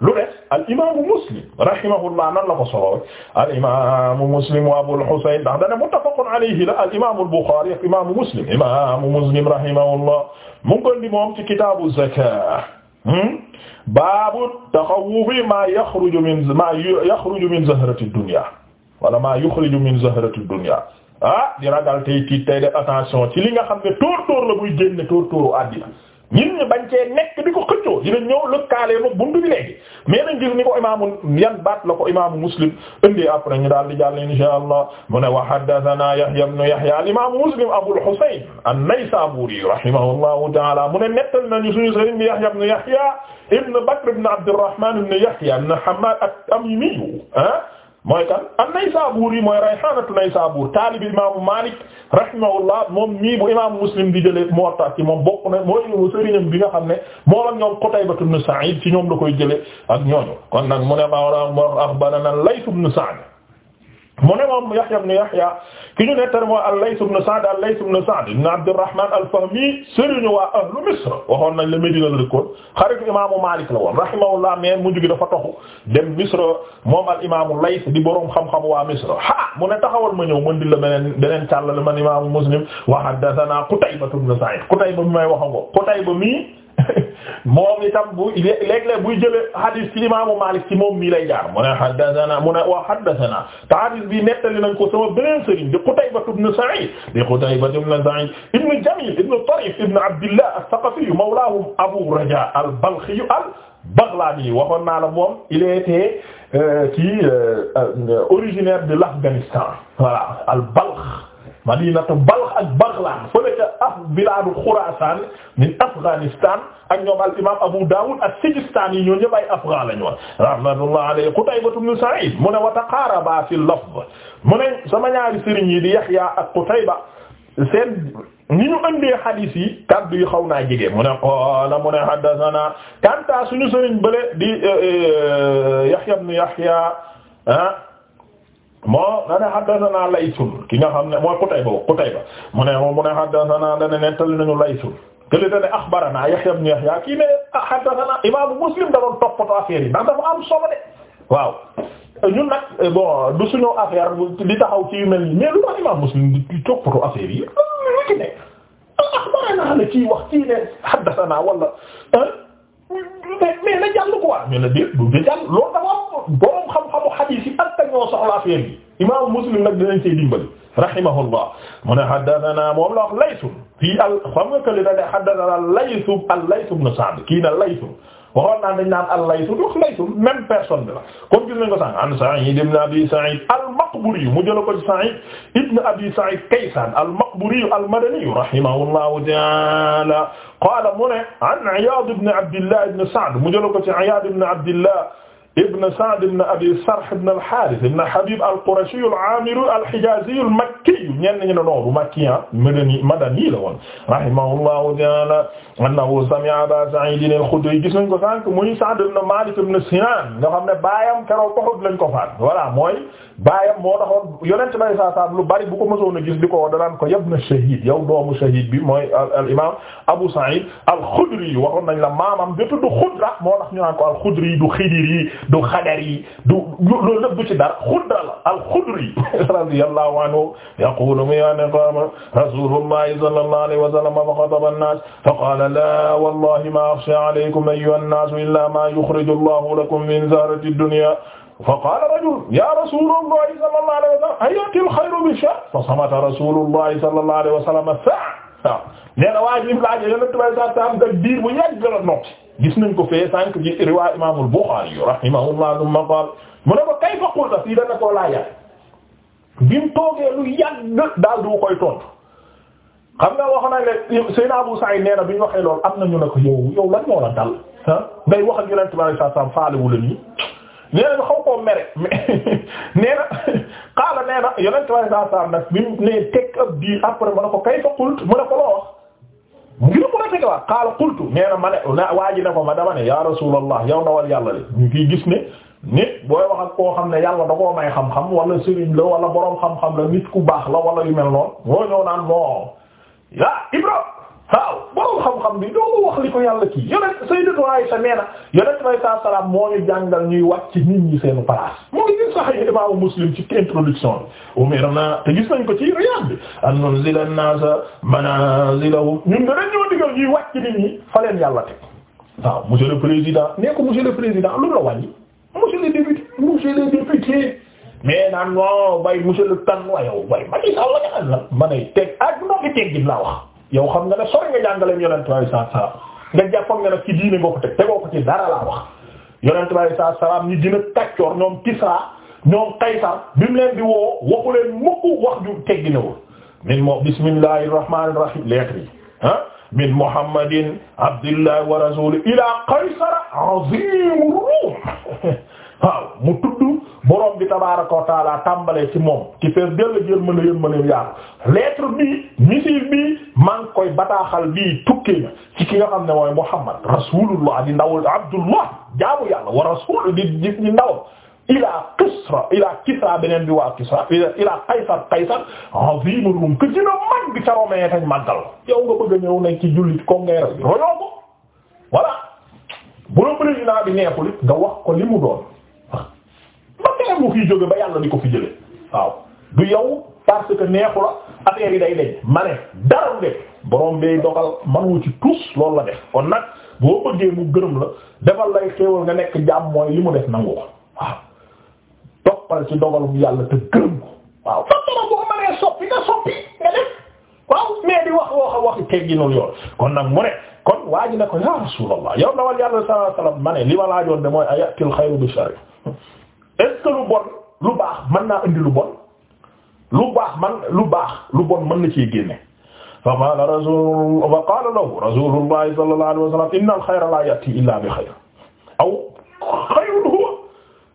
lu des al imaamu muslim rahimahullah la ko solo al imaamu muslim wa abul husayn ndax dana muttafaqun alayhi la al imaamu buxaari ak imaamu muslim imaamu muslim rahimahullah mu ngi ko indi moom ci kitaabu zakaat hmm? baabu min maa yaxruju wala maa yuxriju min zahrati dunya ah di ragal tey tiit attention ci li nga xam ne tóor-tóor la ñin ñi bañ cee nekk di ko xëccoo dina ñëw lëkkaale ma buntu bi léegi mais nañ gis ni ko imaamu yan baat la ko imaamu muslim indi après ñu daal di jàll insha allah mu ne wa haddathana yahya ibn yahya al imam muslim abul husayn an-naysaburi rahimahullahu ta'ala mu ne nettal nañu suñu sëriñ bi yahya ibn yahya ibn bakr ibn abd alrahman ibn yahya ibn hammad at-tamimi ah mooy kan an Naysaabuur yi mooy Rayhaanatu Naysaabuur taalib imaamu Maalik rahimahullah moom mii bu imaamu Muslim di moo Muwatta ci moom bokk na mooy sëriñam bi nga xam ne moo la ñoom Qutayba ibn Sa'iid ci ñoom la koy jëlee ak ñooñu kon nag mu ne ma axbaranaa Layth ibn Sa'd mu ne moom Yahya ibn Yahya ki ñu nettali moo al-Layth ibn Sa'd al-Layth ibn Sa'd ibn Abdurrahman al-Fahmi sëriñu waa ahlu Misr waxoon nañ la Medina la dëkkoon xaritu imaamu Malik la woon rahimahullah mais mujj gi dafa toxu dem Misr moom al imaamu Layth di borom xam-xam waa Misr ha mu ne taxawal ma ñëw mën di la beneen beneen càllale man imaamu Muslim wa haddathana Qutayba ibn Sa'id Qutayba mi may waxango Qutayba mi moom itam bu léeg-léeg buy jële hadis ci imaamu Maalik ci wa haddathana te hadis bi nettali nañ ko sama beneen sëriñ di Qutayba ibn Sa'id di Qutayba ibn Sa'id ibn Jamil ibn Tarif ibn Abdillah as Abu Raja al-Balkhi al-Baghlani waxoon naa la moom il était qui euh, euh, euh, originaire de al-Balkh madinatu Balx ak Baghlan fële ca af bilaadu Xuraasaan min Afghanistan ak Abu Daawud as-Sijistaani ñoo ñëpp ay afghan lañu woon rahmatullahi alayhi Qutaybatu ibn mu ne wa taqaarabaa fil lafz mu ne sama ñaari sëriñ yi di Yahya ak Qutayba seen ni ñu a hadith yi kaddu yi xaw naa jege mu ne qaala mu ne haddathana kanta suñu sëriñ bële di eh, eh, Yahya ibn Yahya ah, moo dane haddathana laysun ki nga xam ne mooy Qutayba Qutayba mu ne mu ne haddathana dane nettali nañu laysun kële dane akhbarana Yahya ibn Yahya kii ne haddathana imaamu Muslim da doon toppatoo affaire yi ndax dafa am solo de waaw ñun nag du suñu affaire di taxaw ci mel nii mais lu ma imam Muslim di toppatoo affaire yi lu ci ne akhbarana wax kii ne haddathana wala mais mais na jàll quoi ñu ne déet du jàll loolu dafa am borom xam-xamu xadiis yi ak ñoo soxla affaire bi imaamu muslim nag dinañ cee dimbali rahimahullah mu ne haddathana moom la wax Layth fii al xam nga kële da ne haddathana Layth al-Layth ibn Sa'd kii na Layth waxoon naan dañ naan al-Layth dox Layth même personne bi la comme gis nañ ko sànq an Sa'id ibn Abi Sa'id al-Maqburi mu jëla ko Sa'id ibn Abi Sa'id Kaysan al-Maqburi al-Madani rahimahullahu ta'ala qala mu ne an Iyad ibn Abdillah ibn Sa'd mu jëla ko ci Iyad ibn Abdillah ibn Sa'd ibn Abi Sarh ibn al-Harith ibn Habib al-Qurashi al-Amiri al-Hijazi al-Makki ñenn ñi ne non bu Makki ah madani madani la woon rahimahullahu ta'ala annahu sami'a Aba Sa'id al-Khudri gis nañ ko sànq muy Sa'd ibn Malik ibn Sinan nga xam ne baayam keroog Uhud lañ ko faat voilà mooy baayam moo taxoon yonent bi saa saa lu bari bu ko mësoon a gis di ko danaan ko yab na shahid yow doomu shahid bi mooy al imaam Abu Sa'id al-Khudri waxoon nañ la maamam de tudd Khudra moo tax ñu naan ko al-Khudri du Khidri du Khadari du loolu lépp du ci dara Khudra la al-Khudri radiyallahu anhu yaqulu man qama rasulullahi sallallahu alayhi wa sallam fa khataba an-nas fa qala la wallahi ma akhsha alaykum ayyuha an-nas illa ma yukhriju Allahu lakum min zahrati ad-dunya fa qaala rajul ya rasulullahi sallallahu alayhi wa sallam ayatil xayru bi shar fa samata rasulullahi sallallahu alayhi wa sallam saa waaw nee na waa jim laajo yonent bay sa saam dak diir bu yàgg la noppi gis nañ ko fee sànq ci riwaa imaamul Buxaari yu rahimahullah thumma qaala mu ne ko kayfa qulta fii dana koo laa yàgg bi mu toogee lu yàgg daal du koy tontu xam nga wax na le Seydina Abu Sa'id nee na bi ñu waxee loolu am na ñu ne ko yow yow lan moo la dal ah ngay wax ak yonent bay sa saam faale wu la nii nee na ñu xaw koo mere nee na xaala nee na yonent waaye saa nag bi mu nee teg ab diir après ma ne ko kayfa qultu mu ne ko loo wax mu ngi ko rafetlu waat xaala qultu nee na ma ne waa ji ne ko ma dama ne ya rasulallah yow ndawal yàlla de ñu ngi gis ne ni booy wax ak koo xam ne yàlla da koo may xam-xam wala la wala boroom xam-xam la nit ku baax la wala yu mel noonu moo ñëw naan moo ah Ibrahima. waaw borom xam-xam bi doo wax li ko yàlla kii yonent Sayyidatu Aisha nee na yonent bi saa salaam moo ñu jàngal ñuy wàcc nit ñi seen place mu ngi ci Sahih Imam Muslim ci introduction bi. umirna te gis nañ ko ci Riyad bi an nunzila an-nasa manazilahum ñun de dañ ñoo digal ñuy wàcc ñi fa leen yàlla teg waaw monsieur le président nee ko monsieur le président lu la wàññi monsieur le député monsieur le député mais naan tan wa yow bay Macky Sall la ñu ma ne yow xam nga ne sori nga jàngaleem yonent bi saa salaam nga jàppoon nga nag ci diine boo ko teg tegoo ko ci dara la wax yonent bi saa salaam ñi gën a tàccoor ñoom Kisra ñoom Kaysar bi mu leen di woo waxu leen mukk wax ju tegginawul min moo bismillahir rahmanir rahim lettre yi ah min muhammadin abdillah wa rasul ila qaysar waaw mu tudd borom bi tabaaraka wa taala tàmbalee ci moom ci fees dell jël mën a yën mën a yaatu lettre bii missive bii maa koy bataaxal bii tukkee na ci ki nga xam ne mooy Muhammad rasulullah di ndawul abdullah jaamu yàlla wa di di di ndawal ilaa Kisra ilaa Kisra beneen bi waa Kisra ilaa Qaysar Qaysar azimul rum que dina mag bi ca Romain tañ màggal yow nga bëgg a ñëw ne ci jullit ko ngay royoo ko voilà bu la président bi neexul ma tee mu fiy jóge ba yàlla di ko fi jële waaw du yow parce que neexu la affaire yi day deñ ma ne dara mu def borom bay dogal mënoo ci tus loolu la def kon nag boo bëggee mu gërëm la defal lay xéewal nga nekk jàmm mooy li mu def nangu ko waaw toppal ci dogalum yàlla te gërëm ko waaw fa dara boo mënee soppi nga soppi nga def waaw wax wax waxi tegginul yoon kon nag mu ne kon waa ji ne ko ya rasulallah yow dawal yàlla sa alayhi wasallam ma ne li ma laajoon de mooy ayatil xayru bi sharri est-ce que lu bon lu baax mën naa indi lu bon lu baax man lu baax lu bon mën na ci génne fa qala rasul fa qala lahu rasulullahi sallallahu alayhi wa sallam inna al xayra la yati illa bi xayr aw xayrun huwa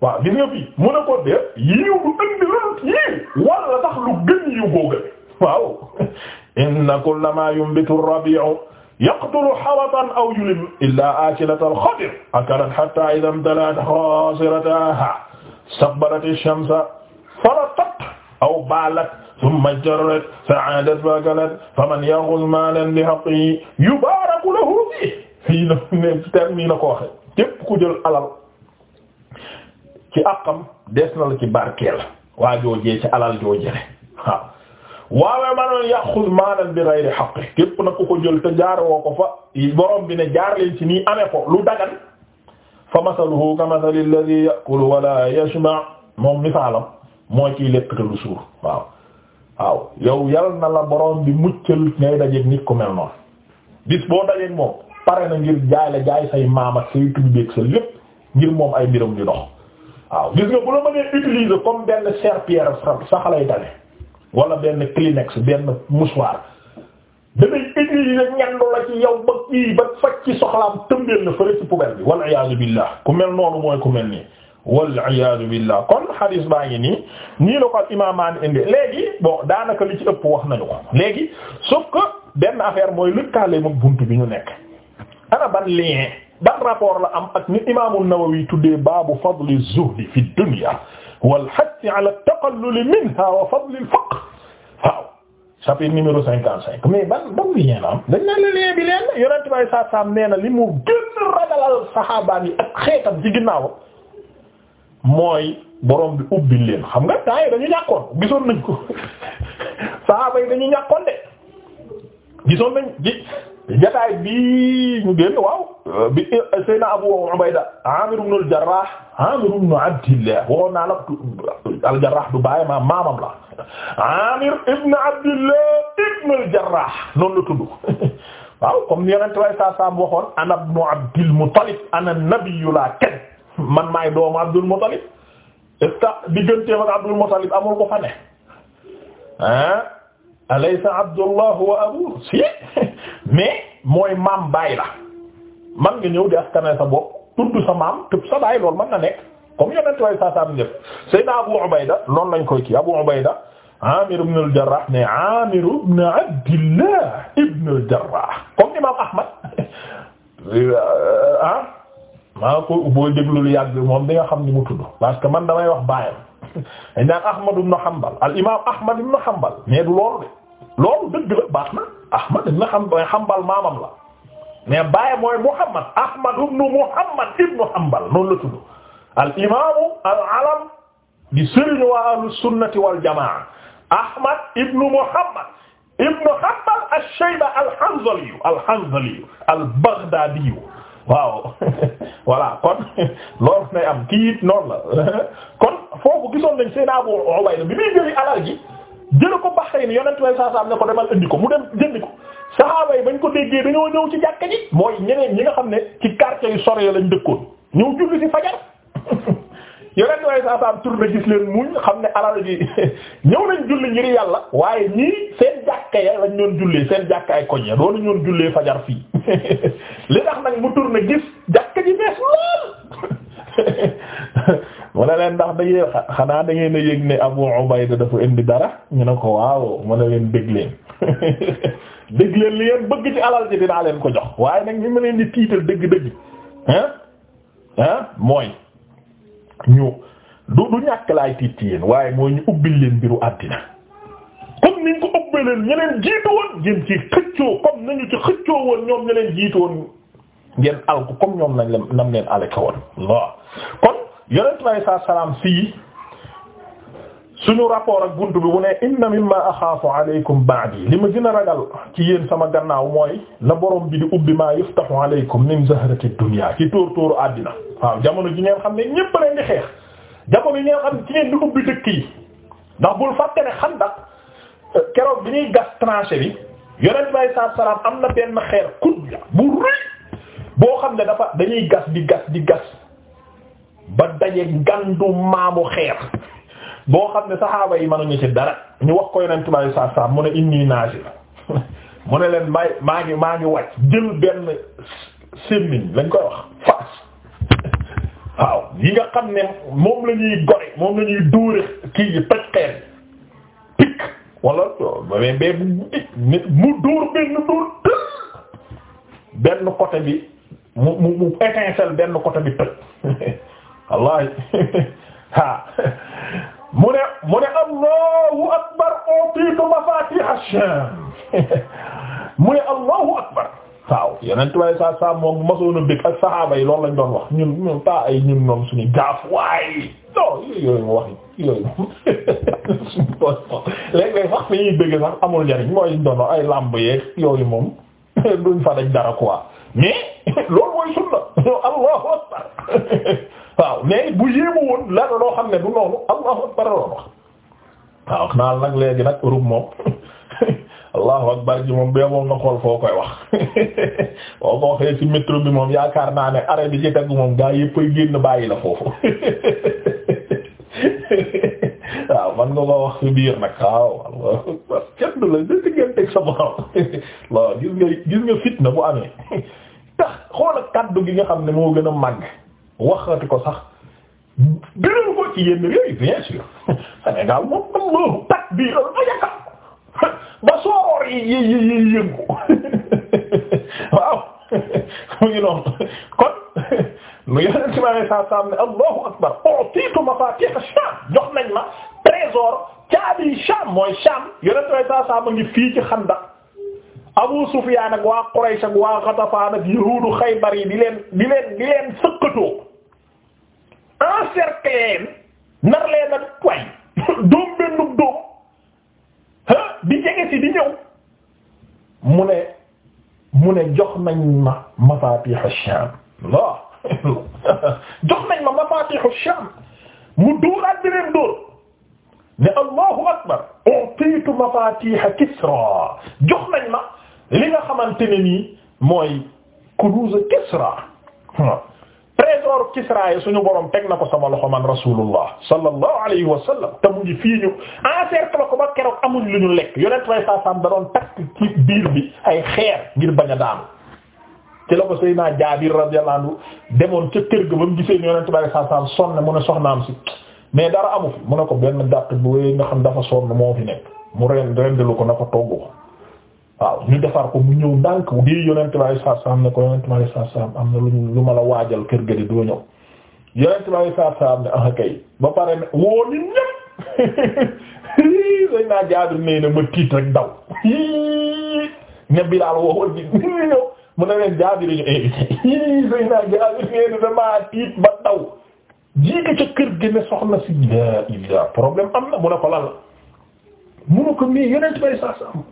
waaw gis nga fii mu ne ko de yiw du indi lu yiw wala tax lu gën yiw googa waaw inna kullama yumbitu ar-rabi'u yaqtulu hawatan aw yulim illa akilata al-khadir akarat hatta idha imtalat khasirataha istaqbalati shamsa faraqat aw balat thumma jarrat fa'adat fakalat faman malan bihaqqihi yubaraku lahu fihi fii na ne terme ko waxe ku jël alal ci àqam des na la ci barkeel waa joojee alal joojele waawe manoon yàqul maanan bi ghayri haqqi képp nag ku ko jël te jaarewoo ko fa borom bi ne jaar leen ci nii amee ko lu fa masaluhu ka masali alladhi ya'kulu wa la yashba' moom misaalam mooy kiy lekk te du suur waaw waaw yow yal na la borom bi muccal ngay dajeek nit ku mel noonu bis boo dajeek moom pare na ngir jaay la jaay say maam ak say tubbeek sa lépp ngir moom ay mbiram di dox waaw gis nga bu la mënee utiliser comme benn serpillère sax lay tane wala benn Kleenex benn mouchoir damay i ñandu la ci yow ba kii ba faj ci soxlaam tëmbeel na fële wal iyaadu billah ku mel noonu mooy ku mel nii wal iyaadu billah kon hadis baa ngi nii nii la al imaamaan indi léegi bo daanaka li ci ëpp wax nañu ko léegi sauf que benn affaire mooy lëkkaale mag buntu bi ñu nekk ana ban lien ban rapport la am ak ni imaamul Nawawi tuddee baabu fadli zuhdi fi dunya wal hatti ala taqallul minha wa fadli al faqr waaw chapitre numéro cinquante cinq mais ban ban lien la am dañ naan la bi leen yonent bay saa saam nee na li mu gën ragalal saxaabaan yi ak xeetam ci ginnaaw mooy borom bi ubbil leen xam nga temps yi dañu ñàkkoon gisoon nañ ko saxaaba yi dañu ñàkkoon de gisoon nañ gi jataay bi ñu génn waaw bi Seydina Abu Ubayda Amir ibn al Amir ibn Abdillah waxoon naa la al-Jarrah du baay ma maamam la Amir ibn Abdillah ibn al-Jarrah noonu la waaw comme ni yonent way saa saam waxoon ana ibn Abdil ana nabiyyu la ken man maay doomu Abdul Muttalib est-ce que digganteem ak Abdul Muttalib alaysa abdullah wa abu si mais mooy maam baay la man nga ñëw di askane sa bopp tudd sa maam tëb sa baay loolu mën na nekk comme yonent way saa sam njëf sayyidina abu ubayda noonu lañ koy kii abu ubayda amir ibn al jarrah amir ibn abdillah ibn al jarrah comme imam ahmad ah maa ko boo déglu lu yàgg moom di nga xam ni mu tudd parce que man damay wax baayam dañ naan Ahmad ibn Hanbal al imaam Ahmad ibn Hanbal mais du loolu de loolu dëgg la baax na Ahmad ibn Hanbal Hanbal maamam la mais baay mooy Muhammad Ahmad ibn Muhammad ibn Hanbal noonu la tudd al imaamu al alam di sëriñu waa ahlu sunnati wal jamaa Ahmad ibn Muhammad ibn Hanbal ash-Shayba al-Hanzali al-Hanzali al-Baghdadi waaw voilà kon loolu nay am kii noon noonu la kon foofu gisoon nañ seen Abu Ubayda bi muy jëli alal ji jëla ko Bahrayn yonent way saa saa ne ko demal indi ko mu dem jëndi ko saxaaba yi bañ ko déggee dañoo ñëw ci jàkka ji mooy ñeneen ñi nga xam ne ci quartier yu sore lañ dëkkoon ñëw julli ci fajar yonent way saa saa tur na gis leen muñ xam ne alal ji ñëw nañ julli ngir yàlla waaye ñii seen jàkka lañ ñoon jullee seen jàkka ay koñ ya doon ñoon jullee fajar mu tourné gis jàkka ji bees lool mu ne leen ndax dañuy xanaa da ngeen a yëg ne Abu Ubayda dafa indi dara ñu ne ko waaw mu ne leen dégg leen dégg leen li ngeen bëgg ci alal ji dinaa leen ko jox waaye nag ñu ma leen di tiital dëgg-dëgg ah ah mooy ñu du du ñàkk laay tiit ci yéen waaye mooy ñu ubbil leen mbiru àddina comme niñ ko ubbee leen ñeneen jiitu woon jëm ci xëccoo comme nañu ci xëccoo woon ñoom ñeneen jiitu woon ngeen alku comme ñoom nañ leen nam leen alaka woon waaw kon yonent bi alayhi salaam fii suñu rapport ak gunt bi bu ne inna mimma axaafu alaykum ba'di li ma gën a ragal ci yéen sama gannaaw mooy la borom bi di ubbi maa yuftahu alaykum min zahrati dunya ci tóor tóoru àddina waaw jamono ji ngeen xam ne ñépp leen di xeex jamono yi ngeen xam ne ci ngeen di ubbi dëkk yi ndax bul fàtte ne xandak keroog bi ñuy gas tranchée yonent bi alayhi salaam am na benn xeer kudd bu rëy boo xam ne dafa dañuy gas di gas di gas ba daje gandu maamu xeer boo xam ne saxaaba yi ñu ci dara ñu wax ko yonent bi alayhi salaatu salaam mu ne inni naazil mu ne leen may maa ngi maa ngi wàcc jël benn sémmiñ lañ koy wax faas waaw yi nga xam ne moom la gore moom la dóore kii yi toj xeer pikk wala mais mais mu dóor benn dóor benn côté bi mu mu mu étincelle benn côté bi toj wallahi ha mu ne mu ne allahu akbar utiitu mafatih ash-sham mu ne allahu akbar waaw yeneen tubaab saa saa moom masoon a bëgg ak saxaaba yi loolu lañ doon wax ñun ñun taa ay ñun ñoom suñu gaaf waay non yooyu wax yooyu suñu tool léeg sax fi ñuy bëgg sax amul njariñ mooy ñu doon ay lamb yeeg yooyu moom duñ fa daj dara quoi mais. loolu mooy sunna allahu akbar waaw mais bu yéemu woon la loo xam ne du noonu allahu akbar loolu wax waaw xanaa nag léegi nag Europe moom allahu akbar ji moom bee moom nga xool foo koy wax boo ko waxee ci bi moom yaakaar naa ne arrêt bi ci tegu moom gaa yëppay génn bàyyi la foofu waaw man nga ko wax ci biir nag waaw allahu akbar kenn du la da diggante sa borom waaw gis nga fitna bu amee tax xoolal kaddu gi nga xam ne moo gën a màgg waxati ko sax gënal ko ci yenn réew yi bien sûr Sénégal moom moom loolu pat bii loolu ba ba sooroor yi yi yi waaw mu ngi noonu kon mu yeneen si ma ne allahu akbar utiitu mafatih Sham jox nañ ma trésor caabi Sham mooy Sham yeneen si ma ne saa saa fii ci Xandaq Abu Sufyaan ak waa Quraysh ak waa Ghatafaan ak yahuudu Xaybar yi di leen di leen di leen sëqatoo encercler leen nar leen ak toy doom bennub doom di jege si di ñëw mu ne mu ne jox nañ ma mafaatiixu Shaam loo jox nañ ma mafaatiixu Shaam mu dóoraat di leen dóor ne Allahu akbar utiitu mafaatiixa Kisra jox nañ ma li nga xamante ne nii mooy kunuuza Kisra trésor Kisra yi suñu borom teg na ko sama loxo man rasulullah sallallahu alayhi wa sallam te mu ngi fii ñu encercle ko ba keroog amuñ lu ñu lekk yonent way saa da doon takk ci biir bi ay xeer ngir bañ a daanu ci la ko Seydina Jaabir radiyallahu anhu demoon ca kër ga ba mu gisee yonent way saa sam sonn mu ne soxnaam si mais dara amu fi mu ne ko benn gàtt bu wéy nga xam dafa sonn moo fi nekk mu ren ko na ko togg waaw ñu defar ko mu ñëw dànk di yonent bi saa saam ko yonent bi saa saam am na waajal kër ga doo ñëw yonent bi ah, ba pare ne woo nit ñëpp dañ naa jaadu nee na ma tiit rek daw ne Bilaal woo di ñëw mu ne leen jaadu ñu invité naa jaadu nee na damaa tiit ba daw jiite ca kër gi ne si a problème am na mu ne ko lan la mu ne ko mii yonent bi saa saam.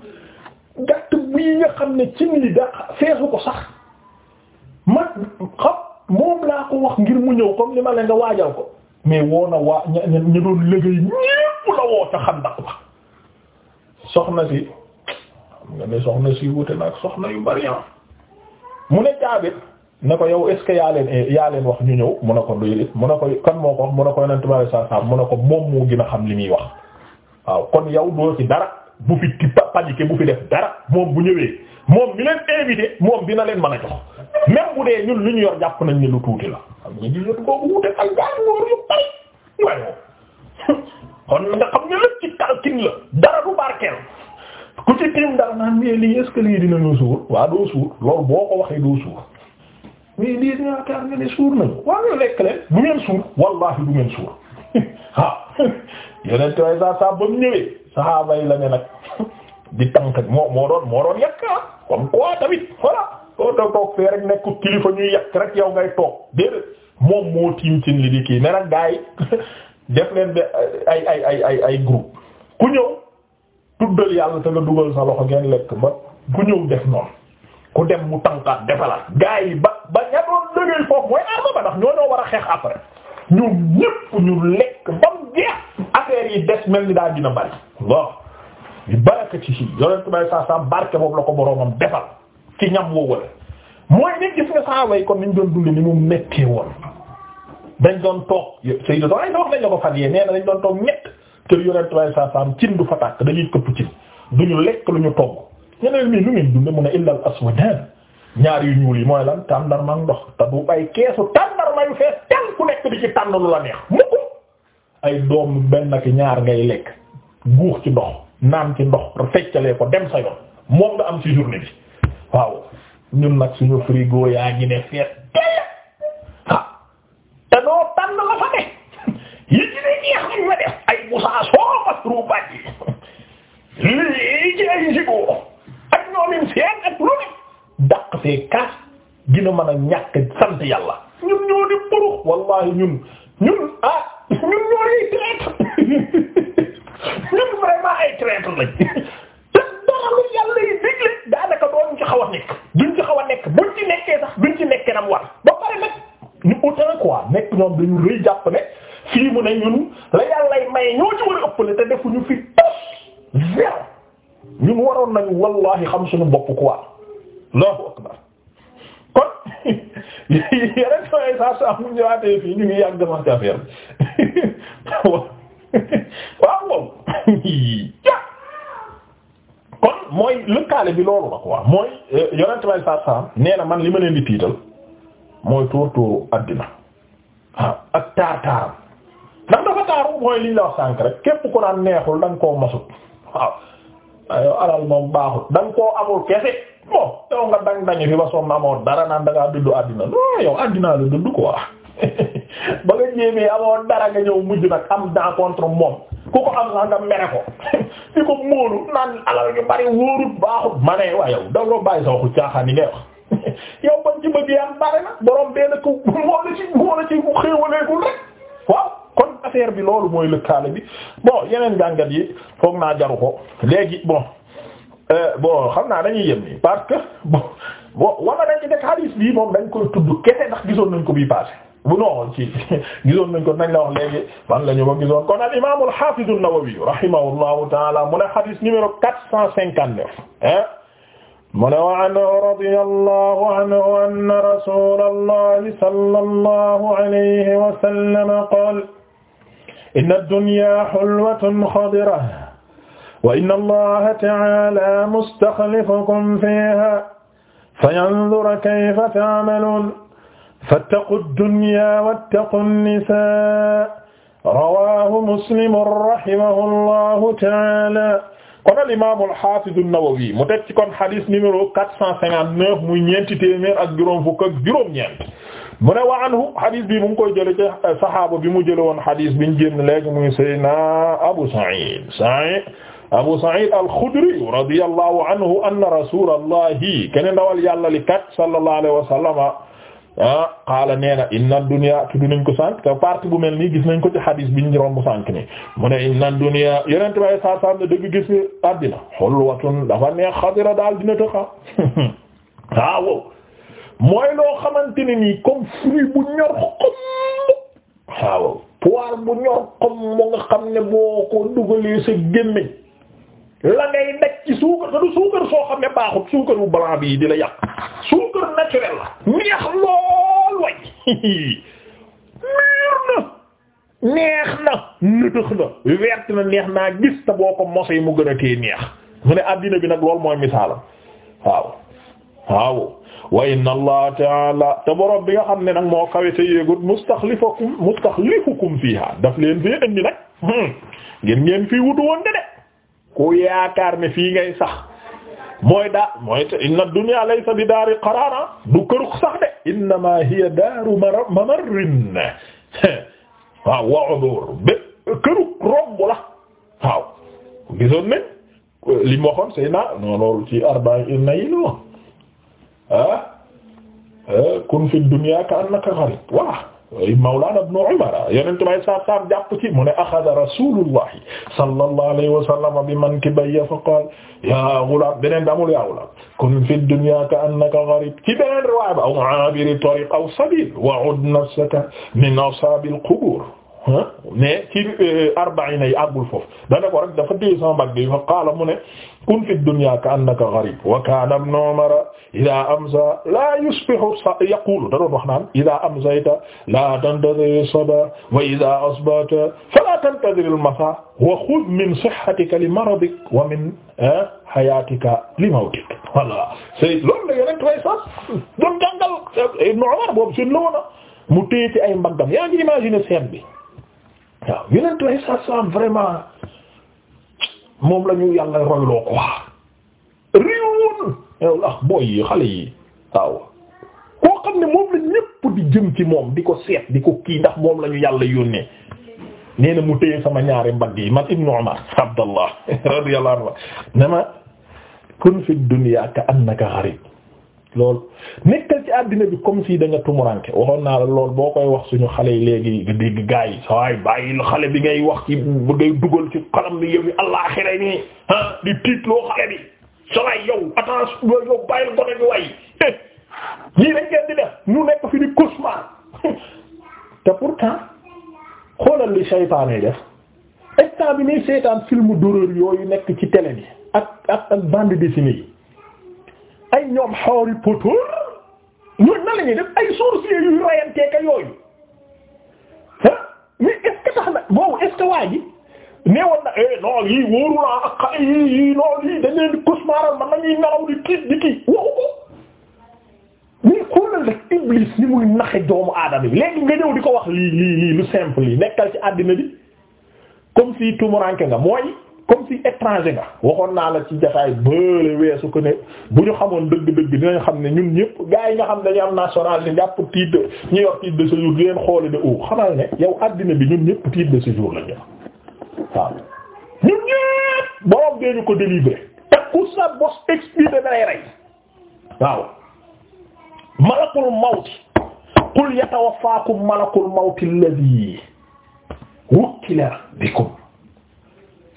gàtt bii nga xam ne cin li da feesu ko sax man xam moom laa ko wax ngir mu ñëw comme li ma la nga waajal ko mais woo na waa ña ña doon liggéey ñépp la woo ca xandax ba soxna si xam nga ne soxna si wute nag soxna yu bari ah. mu ne Jaabir ne ko yow est ce que yaa leen eh, yaa leen wax ñu ñëw mu ne ko doy mu ne ko kan moo ko wax mu ko yonent bi sallallahu alayhi wasallam mu ko moom moo gën a xam li muy wax waaw kon yow doo ci dara bu fi tibb panique bu fi def dara moom bu ñëwee moom ñu leen invité moom dina leen mën a jox même bu dee ñun lu ñu yor jàpp nañ ne lu tuuti la xam nga ñu jot boobu ak gaar ñoor yu bari kon nga xam ne lépp ci talkin la dara du barkeel ku ci tiim dara naan mais lii est dina ñu suur waa doo suur loolu boo ko waxee doo suur mais lii dina yaakaar suur nañu waa nga lekk leen du ngeen suur wallahi du ngeen suur waaw yeneen tooy saa saa ba mu ñëwee saxaaba yi la ne nag di tànk moo moo doon moo doon yàq ah comme quoi tamit voilà soo doon toog fee rek nekk kilifa ñuy yàq rek yow ngay toog déedéet moom moo tiim ci li di kii ne nag gaa yi def leen de ay ay ay ay ay groupe ku ñëw tuddal yàlla te nga dugal sa loxo ngeen lekk ba ku ñëw def noonu ku dem mu tànkaat defalaat gaa yi ba ba ña doon dëgëy foofu mooy arme ba ndax ñoo ñoo war a xeex après ñu ñëpp ñu lekk ba mu jeex affaire yi des mel ni daa dina bari waaw. bi barakatihi yonent bi saa saa barke boobu la ko boroomam defal ci ñam woo wala mooy nit gis nga saaba yi kon niñ doon dund ni mu méttee woon dañ doon toog Seydou Sow ay wax lañ la ko fan yee nee na dañ doon toog ñett kër yonent bi saa saa cin du fa tàkk dañuy këpp cin duñu lekk lu ñu togg ñeneen mii lu ngeen dundee mu ne illal aswadaan ñaar yu ñuul yi mooy lan tàndar mag ndox te du ay keesu tàndar mayu fees tel ku nekk di ci tànn lu la neex mukk ay doom benn ak ñaar ngay lekk guux ci ndox naan ci ndox feccalee ko dem sa yoon moom nga am ci journée bi waaw ñun nag suñu frigo yaa ngi ne fees ah te doo tànn la fa ne yi ci ne ñeex nañ la def ay musaa soo masru bàjj lii ci ay jigoo ak ñoomin seen ak lu daq see kaas dina mën a ñàkk sant yàlla ñun ñoo di burux wallahi ñun ñun ah ñun ñoo di traite vraiment ay traître lañ te lu yàlla yi digle daanaka doon ci xaw a nekk duñ ci xaw a nekk buñ ci nekkee sax duñ ci nekkee nam war ba pare nag ñu autant quoi nekk ñoom dañu rëy jàpp ne fii mu ne ñun la yàllay maye ñoo ci war a ëppale te defuñu fi tas zéro ñun waroon nañu wallahi xam suñu bopp quoi Allahu akbar kon yeneen sooy saa saa mu ñëwaatee fii ñu ngi yàgg dama ci affaire waaw wow kon mooy lëkkaale bi loolu la quoi mooy euh, yonent bay saa saam nee man li ma leen di tiital mooy tuur tuuru àddina waaw ak taar taaram ndax dafa taaru mooy lii la wax sànk rek képp ku naan neexul da nga koo masut waaw ayoo alal moom baaxut da koo amul kese bon yow nga dang dañu fi ba sonn amoo dara naan da ngaa àddina non yow àddina la dund quoi jéemee amoo dara nga ñëw mujj nag am daa contre moom ku ko am la nga mere ko di ko móolu naan alal ñu bari wóorut baaxut ma ne waa yow da loo bàyyi sa waxu caaxaan yi ngay wax yow ban ci bëgg am bari na borom benn ko moo la ci moo la ci xéewaleegul rek waaw kon affaire bi loolu mooy lëkkaale bi bon yeneen jàngat yi foog naa jaru ko léegi bon euh, bon xam naa dañuy yem nii parce que bon wala dañ nekk hadis bii moom dañ koy tudd kese ndax gisoon nañ ko bii bu non ci gisoon nañ ko nañ la wax léegi fan la ñu ko gisoon kon al imaam al haafiz an-Nawawi rahimahullahu ta'ala mu ne hadis numéro quatre cent cinquante neuf ah mu ne wa anhu radiyallahu anhu anna rasulallahi sallallahu alayhi wa sallam qaala inna ad-dunya hulwatun khadiratun wa inna allaha ta'ala mustakhlifukum fiha fayanzuru kayfa ta'malun fattaqu dunya wattaqu nisaa rawaahu muslim rahimahullahu taala kon al imaam al haafiz an-Nawawi mu teg ci kon hadith numéro quatre cent cinquante neuf muy ñeenti téeméer ak juróom fukk ak juróom-ñeent mu ne wa anhu hadith bi mu ngi koy jëlee ci euh, saxaaba bi mu jëlee woon hadith biñ génn léegi muy Seydina Abu Sa'id Sa'id Abu Sa'id al-Khudri radiyallahu anhu anna rasulallahi kenn ndawal yàlla li kat sallallahu alayhi wa sallama ah qaala nee na inna dunya tudd nañ ko sànq te bu mel nii gis nañ ko ci hadis bi ñu romb sànq nii mu ne inna dunya yeneen tubaab yi saa saa ne dëgg addina hulwatun dafa neex xadira daal dina tëxa ah waaw mooy loo xamante ne nii bu ñor xom ah waaw poire bu ñor xom nga xam ne boo ko dugalee sa gémmiñ la suukar soo xam ne baaxut suukar bu blanc bi di la yàq. naturel neex lool way neex na nëtëx na wert na neex naa gis te boo ko mose mu gën a tee neex mu ne àddina bi nag lool mooy misaalam waaw waaw wa inna allah taala te borom bi nga xam ne nag moo kawe te yéegut mustaxlifakum mustaxlifukum fiha daf leen fee indi nag hmm. ngeen fii wutu woon de de yaakaar ne fii ngay sax mooy daa mooy te inna dunya laysa bi daari qaraara du kërug sax de innama hiya daaru mamarrin waaw wa udur bé kërug romb la waaw gisoon nañ li mu waxoon say na non loolu ci arba'i inna yi la ah eh? kun fi dunya ka annaka gharib waaw ay Mawlana ibn Umar yonentu may saab saab jàpp ci mu ne axada rasulullahi sallallahu alayhi wa sallam bi mankibayya fa qaala yaa ghulaam beneen bi amul yaa ghulaam kun fi dunya ka annaka gharib ci beneen riwaaya aw aabiri tariq aw sabil wa ud nafsaka min ashaabil qubuur mais ci euh, arbaina yi àggul foofu dana ko rek dafa téye sama mbagg yi fa qaala mu ne kun fi dunya ka annaka gharib wa kana ibn umar ida amsa la yusbihu yaqulu da doon wax naan ida amsayta la tantadhir as-sabah wa ida asbahta fala tantadhir al-masa wa khudh min sihhatika li maradik wa min eh, hayatika li mawtik voilà c'est loolu la yonent way sax doon jàngal eh, ibn umar boobu sin la woona mu téye ci ay mbaggam yaa ngi imaginer seen bi waaw yonent lay sa saam vraiment moom la ñu yàlla royloo ko waa réewoon yow xale yi waaw koo xam ne moom la ñépp di jëm ci moom di ko seet di ko kii ndax moom la ñu yàlla yónnee nee na mu téye sama ñaari mbagg yi man ibnu umar abdallah radiyallahu anhu ne ma kun fi dunya ka annaka gharib loolu nekkal ci àddina bi comme si da nga waxoon naa la lool boo koy wax suñu xale yi léegi nga dégg gaa yi sawaay bàyyi xale bi ngay wax ci ngay dugal ci xalam bi yow yi àllaaxira di tiitloo xale bi sawaay yow attention eh, def ñu nekk fi di cauchemar te pourtant xoolal li seytaane def instant bi nii seytaan film d'horreur yooyu nekk ci télé bi ak ak ak bande ay ñoom Harry Potter ñun nan la ñuy def ay sorciers yu rayante ka yooyu ah mais est-ce na boobu est-ce que waa ji nee woon na eh non lii wóoru naa ak xale yii yii non lii dañ di cauchemar di kii di kii waxu ko mais xoolal Iblis ni muy naxe doomu aadama bi léegi nga ñëw di ko wax lii lii lii lu simple yi nekkal ci àddina bi comme si tumuranke nga mooy. comme si étranger nga waxoon naa la ci jataay bële weesu ko ne bu ñu xamoon dëgg-dëgg dinañ xam ne ñun ñëpp gars yi nga xam dañu am national di jàpp titre ñu yor titre de séjour di ne yow àddina bi ñun ñëpp titre de séjour la ñu waaw ko délivré te ku sa bos expiré da lay rey waaw malakul mawti qul yatawaffakum malakul mawti alladhi wukkila bikum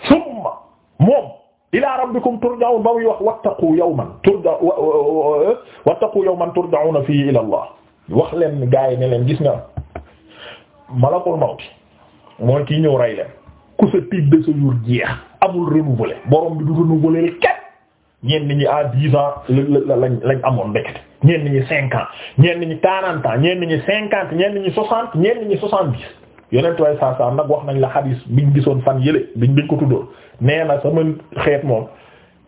summa moom ila rabbikum turja'un ba muy wax wattaqu yawman turja wattaqu yawman turja'una fihi ila allah wax leen gaa yi ne leen gis nga malakul mawt mooy kii ñëw rey leen ku sa titre de séjour jeex amul renouvelé borom bi du renouvelé kenn ñenn ñi à dix ans la lañ lañ amoon ndekete ñenn ñi cinq ans ñenn ñi quarante ans ñenn ñi cinquante ñenn ñi soixante ñenn ñi soixante dix yeneen tuwaay saa saa nag wax nañ la xadis biñ gisoon fan yële biñ biñ ko tuddoon nee na sama xeet moom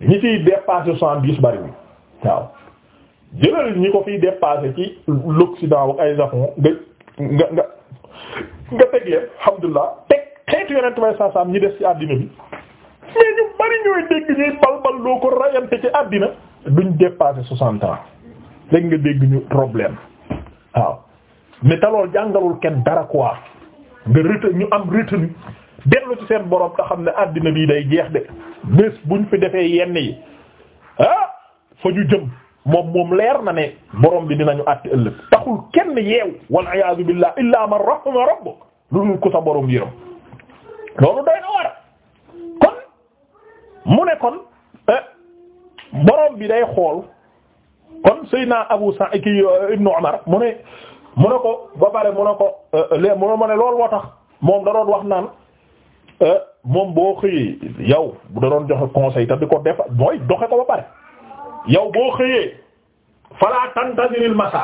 ñi fiy dépassé soixante-dix bariwul waaw jëlal ñi ko fiy dépassé ci l'Occident ak ay Japon nga nga nga nga teg leen alhamdulilah teg xeetu yeneen tuwaay ñi des ci àddina bi mais ñu bari ñooy dégg ñuy balbal loo ko rayante ci àddina duñ dépassé soixante ans léegi nga dégg ñu problème waaw mais jàngalul kenn dara quoi. nga rëta ñu am retenu dellu ci seen boroom te xam ne àddina bii day jeex de bés buñ fi defee yenn yi ah fa ñu jëm moom moom leer na ne borom bi dinañu àtte ëllëg taxul kenn yeew wal iyaazu billah illaa man rahima rabbuk lu dul ku sa borom yërëm loolu doy na war kon mu ne kon eh, borom bi day xool kon Seydina Abu Sa'id eh, ibnu Umar mu ne mu ne ko ba pare mu ne ko euh, léegi mu ne ne loolu moo tax moom da doon wax naan euh, moom boo xëyee yow bu da doon joxe conseil te di ko def mooy doxe ko ba pare yow boo xëyee fala tantadiril masa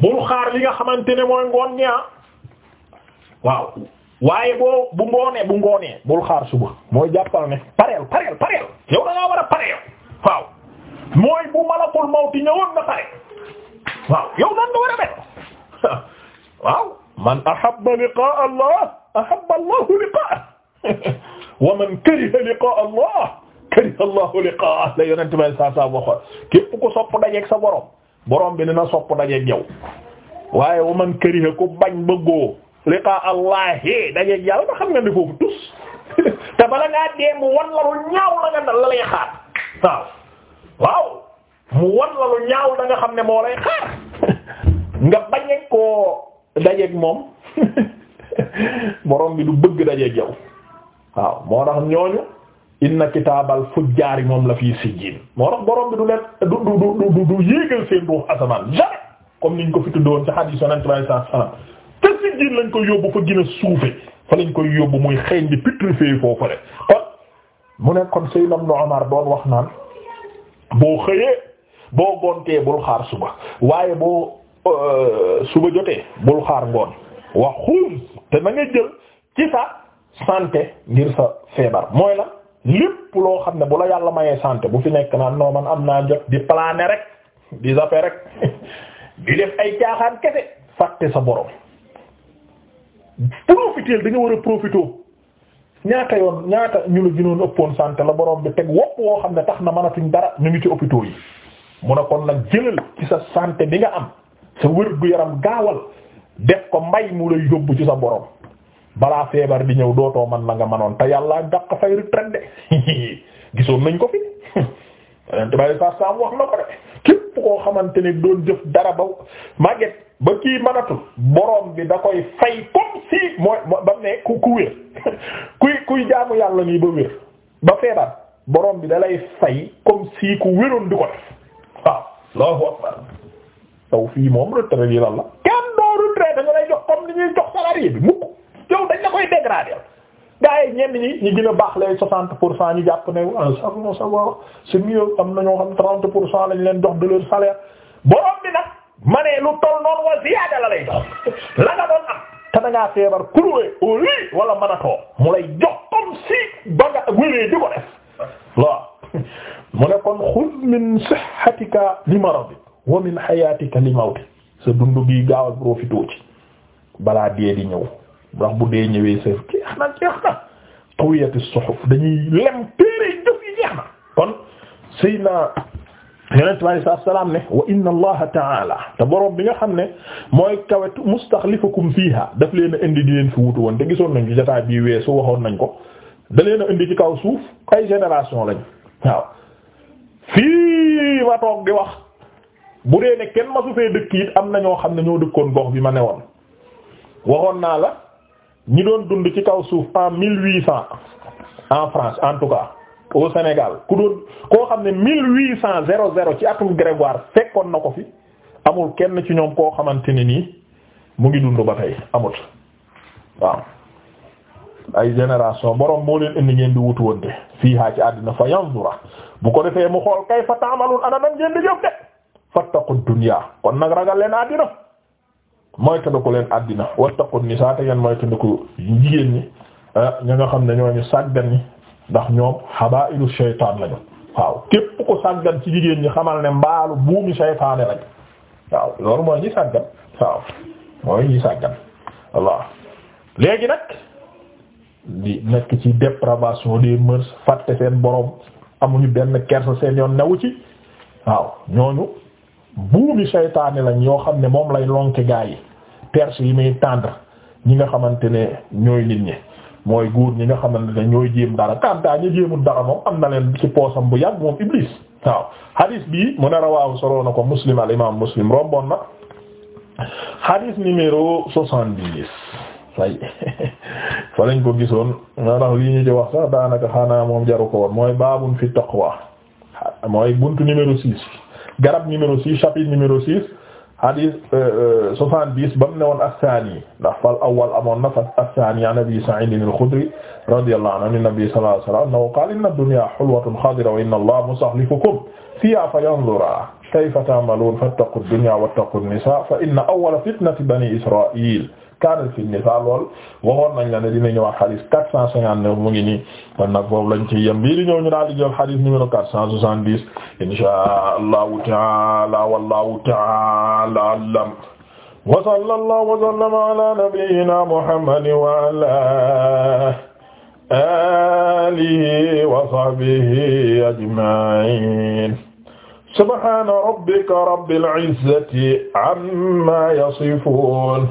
bul xaar li nga xamante ne mooy ngoon ñaa ah. waaw waaye boo bu ngoonee bu ngoonee bul xaar suba mooy jàppal ne pareel pareel pareel yow da war a pareel waaw mooy bu malakul mawti ñëwoon na pare waaw yow nan nga war a mel waaw man ahabba liqaa Allah ahabba Allah liqaa wa man liqaa Allah kariha Allah liqaa ah. la yonent bay saa saa waxoon képp ku sopp dajeek sa borom borom bi dina sopp dajeek yow waaye wa man ku bañ bëggoo liqaa Allah dajeek yàlla ba xam nga ne foofu tus te bala ngaa dee mu wan la lu ñaaw la nga dal mu wan la lu ñaaw da xam ne moo lay xaar nga bañ a moom borom bi du bëgg dajeeg yow waaw moo tax ñooñu inna kitaabal fujjaari moom la fii sijjiin moo tax borom bi du leen du du du du yéegal seen ruux asamaan jamais comme niñ ko fi tuddoon ci hadiis Yonent bi sallallahu alayhi wasallam te sijjiin lañ koy yóbbu fa gën a fa lañ koy yóbbu muy xeeñ di pétrifié foofu rek kon mu ne kon Seydina Omar doon wax naan boo xëyee. boo gontee bul xaar suba waaye boo euh, suba jotee bul xaar ngoon wax xuus te na nga jël ci sa santé ngir sa feebar mooy la lépp loo xam ne bu la yàlla mayee santé bu fi nekk naan noo man am naa jot di palaane rek di zappé rek di def ay caaxaan kese fàtte sa borom profiter da nga war a profiter ñaata yoon ñaata ñu la gënoon ëppoon santé la borom bi teg wopp woo xam ne tax na mënatuñ dara ñu ngi ci hôpitaux yi mu ne kon nag jëlal ci sa santé bi nga am sa wér-gu-yaram gaawal def ko mbay mu lay yóbbu ci sa borom balaa feebar di ñëw dootoo man la nga manoon te yàlla daq fay retraite de gisoon nañ ko fi yonent koo xamante ne doon jëf dara ba màgget ba kii borom bi da koy fay comme si ku wér kuy kuy jaamu yàlla nii ba wér ba feebar borom bi da lay fay comme si ku wéroon di ko def waaw Allahu akbar yow fii moom retraite yi lan la kenn doo retraite ñu lay jox comme ni ñuy jox salarié bi mukk yow dañ la koy dégrader gaa yi ñenn ñi ñu gën a baax lay soixante pour cent ñu jàpp ne ah ça va ça am na ñoo xam trente pour cent lañ leen jox de leur salaire borom bi nag ma ne lu toll noonu wa ziyaada la lay jox la am te da ngaa feebar cloué au lit wala mu lay jox comme si ba nga wéree di ko def waaw. mu ne kon xuz min sihhatika li maradik wa min hayatika li mawtik sa dund bi gaaw a profité ci balaa dee di ñëw ndax bu dee ñëwee sa jeex na jeex na tawiyati suhuf dañuy lem téere jëf yi jeex ne wa inna allaha taala te boroom bi nga xam ne mooy kawetu mustaxlifakum fiiha daf leen a indi di leen fi wutu woon te gisoon nañ ci jotaay bii weesu waxoon nañ ko da leen a indi kaw suuf ay génération lañ waaw fii ma toog di wax bu dee ne kenn masu fee dëkk it am na ñoo xam ne ñoo dëkkoon gox bi ma ne woon waxoon naa la ñi doon dund ci kaw suuf en mille huit cent en France en tout cas au Sénégal ku doon koo xam ne mille huit cent zéro zéro ci atum Grégoire fekkoon na ko fi amul kenn ci ñoom koo xamante ne nii mu ngi dund ba tey amut waaw ay génération borom moo leen indi ngeen di wutu wonte fii haa ci àddina fa yanzura bu ko defee mu xool kay fa taamalul ana nan ngeen di jëf de fattaqu dunya kon nag ragal leen àddina mooy tandiku leen àddina wattaqu nisaa te mooy tandiku jigéen ñi ah, ña nga xam ne ñooñu sàggan ñi ndax ñoom habaa'ilu shaytaan lañu waaw képp ko sàggan ci jigéen ñi xamal ne mbaalu buumi shaytaane lañu waaw loolu mooy ñi sàggan waaw mooy ñi sàggan waaw léegi nag di nekk ci dépravation des mœurs fàtte seen borom amuñu benn kersa seen yoon newu ci waaw ñooñu buumi seytaane lañ yoo xam ne moom lay lonke gaa yi perche yi muy tendre ñi nga xamante ne ñooy nit ñi mooy góor ñi nga xamante ne ñooy jéem dara kantaa ñi jéemul dara moom am na leen ci poosam bu yàgg moom iblis waaw hadis bii mu ne rawaaw soloo na ko muslim al imam muslim rombon na hadis numéro soixante-dix fay fa lañ ko gisoon nga tax lii ñu ci wax sax daanaka xanaa moom jaru ko woon mooy baabun fi taqwa mooy buntu numéro six garab numéro six chapitre numéro six hadith euh, soixante dix ba mu ne woon as-saani ndax fal awwal amoon na fa as-saani an Abi Sa'id al-Khudri radiyallahu anhu an-nabi sallallahu alayhi wa sallam annahu qaala inna ad-dunya hulwatun khadira wa inna allaha mustakhlifukum fiha fayanzura kayfa ta'malun fattaqu ad-dunya wattaqu an-nisa fa inna awwala fitnati bani Israil kaana fi nisaa lool waxoon nañ la ne dina ñëwaat xadis 459 mu ngi nii kon nag foofu lañ ci yem bii di ñëw ñu daal di jël xadis numéro 470 inshaa Allahu ta'ala wallahu ta'ala a'lam wa sallallahu wa sallama ala nabiyyina muhammadin wa ala alihi wa sahbihi ajma'in subhana rabbika rabbil izzati amma yasifun